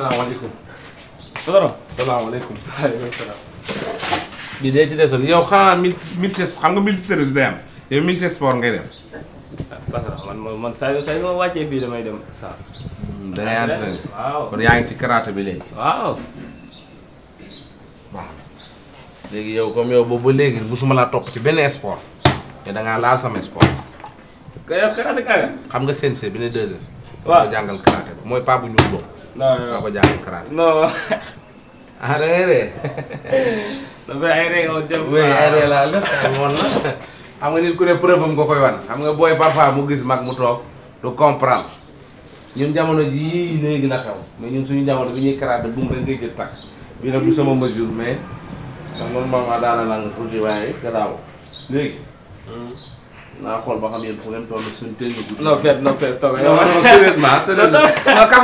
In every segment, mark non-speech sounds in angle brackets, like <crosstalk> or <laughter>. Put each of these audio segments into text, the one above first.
salaamaaleykum. Sodoro salaamaaleykum. waaleykum salaam. bii day ci desoon yow xanaa multi xam nga multi service day am yow multi sport ngay dem. waaw ah, man man saa yu saa yu ma wàccee fii damay dem saa. Mm, da ngay entraîné kon yaa ngi ci karaté bi léegi. waaw. léegi yow comme yow boobu ba léegi musuma laa topp ci benn sport te da ngaa laal sama sport. kay yow karaté xam nga CNC bi ne 2S. waaw jàngal karaté ba mooy paa bu ñuul boobu. non non maa ko jàng karaté. non. nga jël. oui ay ree na. xam nga nit ku ne preuve am nga koy wan xam nga booy parfois mu gis mag mu toog du comprendre ñun jamono jii léegi na xew mais ñun suñu jamono bi ñuy karaté bu mu rek ngay jël takk. bii nag du sama mesure mais. ndax normalement daana naa nga tuuti waaye gannaaw léegi. naa xool ba xam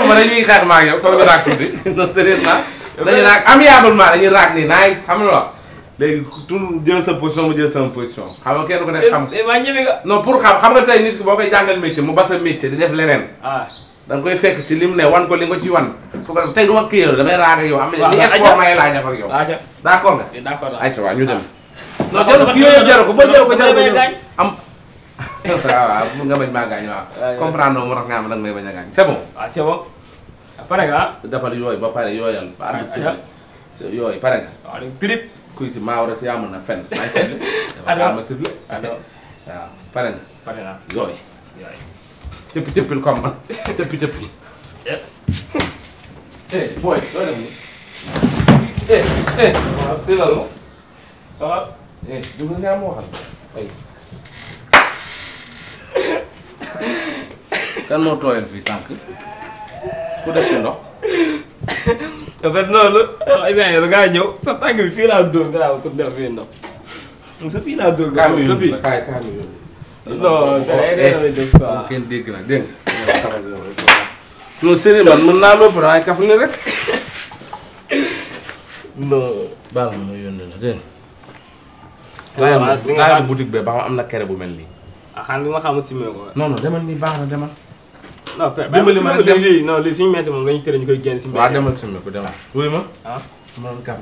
ma dañuy xeex raag tuuti non sérieusement <laughs> <laughs> dañuy raag amiablement dañuy raag nii nice xam nga loo sa position mu jël sama position xam nga kenn ku nekk xam maa ñeme nit ki boo koy jàngal métier mu ba sa métier di def leneen ah. da nga koy fekk ci li mu ne wan ko li a ci wan su ko tey du ma kii yow damay raag ak yow am na li espoir may laaj def ak yow d'accord nga eh, d'accord ayca waaw ñu dem ah. non jaru kii yooyu jaru ko ba jaru ko jaru ko am waaw waaw nga bañ maa gaañ waaw. comprendre loo moo tax nga am nag may bañ a gaañ c'est bon. waaw c'est bon. pare nga defal yooyu ba pare yooyal. ba ànd si yooyu pare nga. waaw léegi pirip. kuy si maa war a si yaa mën na fenn. maa ngi seetlu dafa am a sifle. waaw pare nga. pare naa yooyu. yooyu. cëppi cëppil comme man <laughs> cëppi cëppi. eh booy loo def nii. eh eh. waaw dégg nga lu ma. waaw. eh déglu naa moo xam. <laughs> kan moo tooyal fii sànq ku def fi ndox. en fait noonu la yow da ngaa ñëw sa tànk fii laa dóor nga ko def fii ndox fii laa dóor. nga ko fii kaay kaay non def eh, quoi kenn dégg na dégg non sérieux man mën naa loo pare waaye la dégg nga. waaye boutique bee ba xam am na kere bu mel nii. ah xanaa li ma xamul simee ko. non demal nii baax na demal. non père ba ma lii non lii suñu métti moom nga ñu tere ñu koy génn si. waaw demal ko demal wuy ma. ah ma doon kaf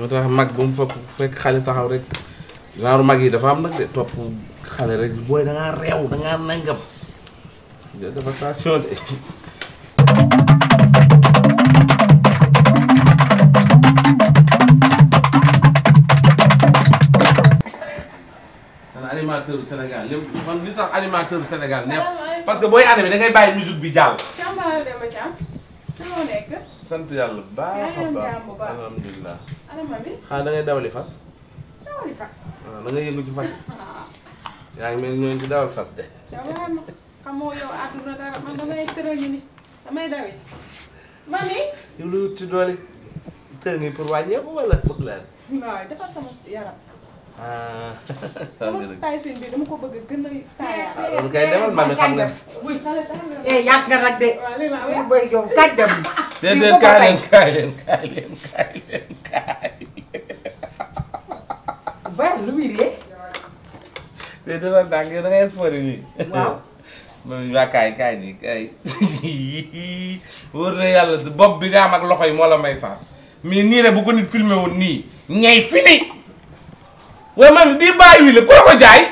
ah, tax mag bu mu fokk fekk xale taxaw rek naaru mag yi dafa am nag de topp xale rek booy da ngaa réew nangam. dafa station de. animateur bu Sénégal li man li tax animateur bu Sénégal neex parce que booy animé da ngay bàyyi musique bi jàll. salaamaaleykum Mathiam. noo nekk. sant yàlla bu baax a baax alhamdulilah. xanaa da ngay dawali fas. dawali fas. waaw da ngay yëngu ci fas. <laughs> Ah. yaa ngi mel ni ñooñu ci dawal fas de. xamoo yow àdduna dara man damay tëral ñu ni damay dawi. mami. yow lu ci doole. tër ngay pour wàññeeku wala bëgg laa. waaw defar sama yaram. ah. sama style bi dama ko bëgg a gën a taayaat. loolu kay demal mami xam nga. eh yàgg nga nag de. waaw boy joom kañ dem. <laughs> déedéet kaay leen kaay leen kaay leen kaay leen kaay leen. lu muy ree. déedéet man da ngay exporté nii. waaw. <laughs> mami waa kaay kaay nii kaay. <laughs> wóor na yàlla bopp bi nga am ak loxo yi moo la may sax mais nii rek bu ko nit filmé woon nii ñay fini. waaye man di bàyyi wii ku la ko jaay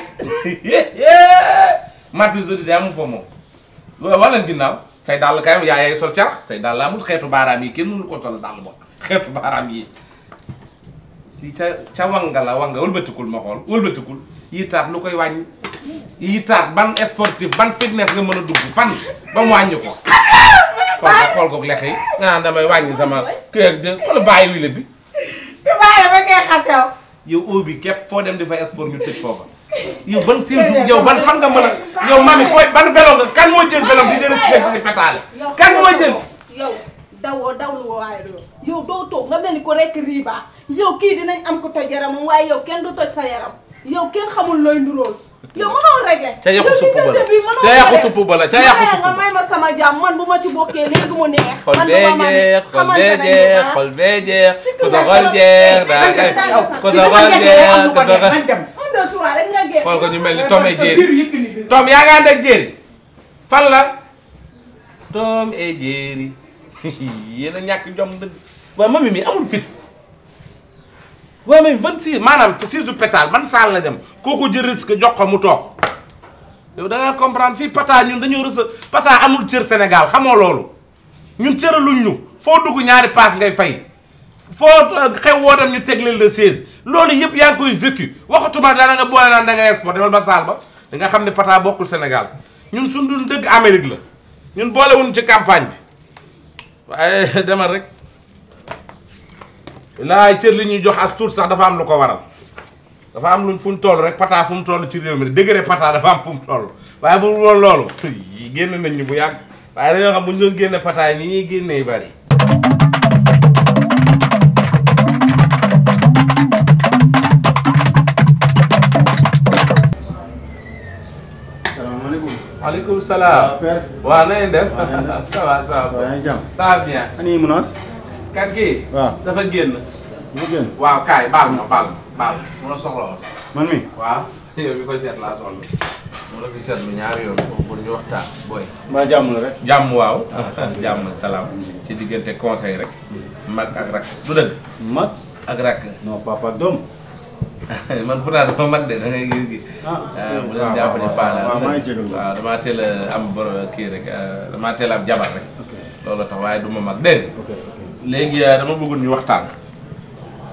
marché jeudi day amul foofu moom waaw wax leen ginnaaw say dal kayam yaa yaay sol carax say dàll amul xeetu baaraam yi kenn mënu ko sol dàll ba xeetu baaraam yi ca wanga la wanga wëlbatikul ma xool wëlbatikul yittaat lu koy wàññi yittaat ban sportif ban fitness nga mën a dugg fan ba mu wàññi ko xool ko xool ko yi nga ah, damay wàññi sama kër de wala bàyyi wile bi. te ba ngay xasew yow eau bi képp foo dem di fay sport ñu tëj foofa <laughs> yow ban séjour yow ban fan nga mën a yow mami fooy ban vélo nga kan moo jël vélo di dérespecté si pétale kan moo jël yow dawoo dawlu waaye doo yow doo toog nga mel ko rekk riiba yow kii dinañ am ko toj yaramam waaye yow kenn du toj sa yaram yow kenn xamul looy nduróol yow mënoo régler. ca yàqu suppu ca yàqu suppu ba ca yàqu suppu nga may ma sama jàmm man bu ma ci bokkee léegi mu neex. man du ma ñu mel ni Tom et Jerry Tom yaa ngi ànd ak Jerry Tom et Jerry <laughs> yéen a ñàkk jom dëgg mami mi amul fit. waaw mais ban siis maanaam siisu pétale man saal la dem kooku jël risque jox ko mu toog yow da nga comprendre fii pata ñun dañoo rës pata amul cër Sénégal xamoo loolu ñun cëraluñ ñu foo dugg ñaari paas ngay fay foo euh, xew woo dem teg tegleel le siis loolu yëpp yaa ngi koy vécu waxatuma dara nga boole naan da export demal ba saal ba da nga xam ne pata bokkul Sénégal ñun suñ duñ dëgg Amérique la ñun boole boolewuñ ci campagne bi waaye <laughs> demal rek laay cër li ñuy jox as tuut sax dafa am lu ko waral dafa am luñ fu mu toll rek pata fu mu toll ci réew mi degré pata dafa am fum mu toll waaye bu woon loolu génn nañ ñu bu yàgg waaye dañoo xam bu ñu doon génne pata yi ni ñuy génnee bari maaleykum salaam. waaw père. kat kii. waaw dafa génn. waaw kaay baal ma baal ma baal ma soxla woon. man mi waaw <laughs> yow mi koy seet laa soxla. mu la fi seetlu ñaari yoon pour ñu waxtaan booy. maa jàmm rek. <laughs> jàmm salaam. ci diggante conseil rek. mag ak rakk du dëgg. mag ak rakk. non papa doom. <laughs> man bu mag de da ngay gis gi. Ah, ah, damaa teel a am bor kii rek ah, damaa teel a am jabar rek. loolu tax waaye du ma mag dégg léegi euh, dama bëggoon ñu waxtaan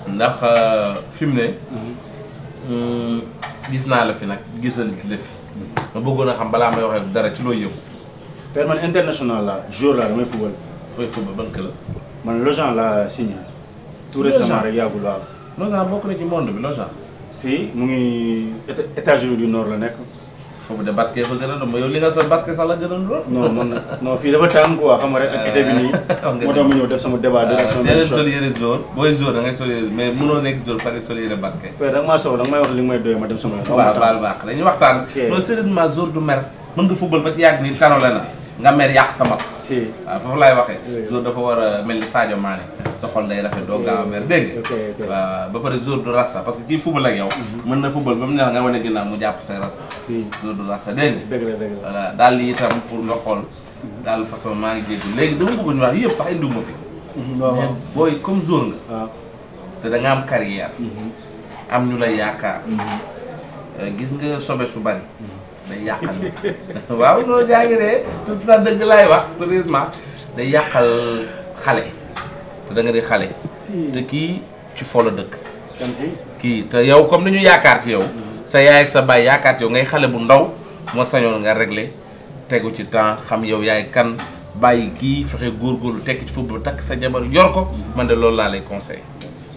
ndax euh, fi mu ne mhm. euh, gis naa la fi nag gisal la fi ma bëggoon a xam balaa may waxee dara ci looy yëngu. père man international la jour la damay football. fooy football ban club. man Lojan la signé. tout récemment rek yàggul waaw. Lojan bokk na ci monde bi Lojan. si mu ngi États-Unis du Nord la nekk. foofu de basket fa gën a doon yow li nga sol basket sax la gën a doon. non fii dafa tàng quoi xam nga rek ak été bi nii. <laughs> moo tax ma ñëw def sama débat. direction ah, bi sol yére joor booy joor da sol yére mais mënoo nekk joor pare sol yére basket. père da maa soxla da nga wax li may doyoo ma dem sama. waaw waaw waaw dañuy waxtaan. non sérieusement joor du mer mën nga football ba ci yàgg nii talo na nga mer yàq sa mat. si foofu laay waxee. jour dafa war a mel ni Sadio Mané. sa xol day rafet doo gaaw a mer dégg nga. ba pare jour du rassa parce que kii football ak yow. Mhm. mën na football ba mu neex nga wane ginnaaw mu jàpp sa rassa. si jour du rassa dégg nga. dëgg itam pour nga xool. Mhm. daal façon maa ngi jéggi léegi dama bëgg ñu wax yëpp sax ma fi. Mhm, waaw mais booy comme jour nga. Ah. te da am carrière. am ñu lay yaakaar. Euh, gis nga sobe su bari. day yàqal <laughs> waaw noonu jaa ngi tout à dëgg laay wax sérieusement day yàqal xale te da nga di xale. te kii ci folo dëkk. kii te yow comme ni ñu yaakaar ci yow. Mm-hmm. sa yaay ak sa baay yaakaar ci yow ngay xale bu ndaw moo sañoon nga regle tegu ci temps xam yow yaay kan bàyyi kii fexe góor góorgóorlu tekki ci bu takk sa jabar yor ko. Mm-hmm. man de loolu laa lay conseil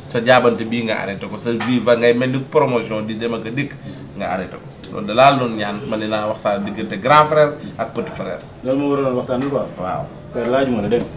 sa jaabante bii nga arrêté ko sa vie ngay mel ni promotion di dem ak a dikk nga arrêté ko. loolu da laa doon ñaan man dinaa waxtaan diggante grand frère ak petit frère. loolu moo waraloon waxtaan bi quoi. waaw. père laaj ma la dégg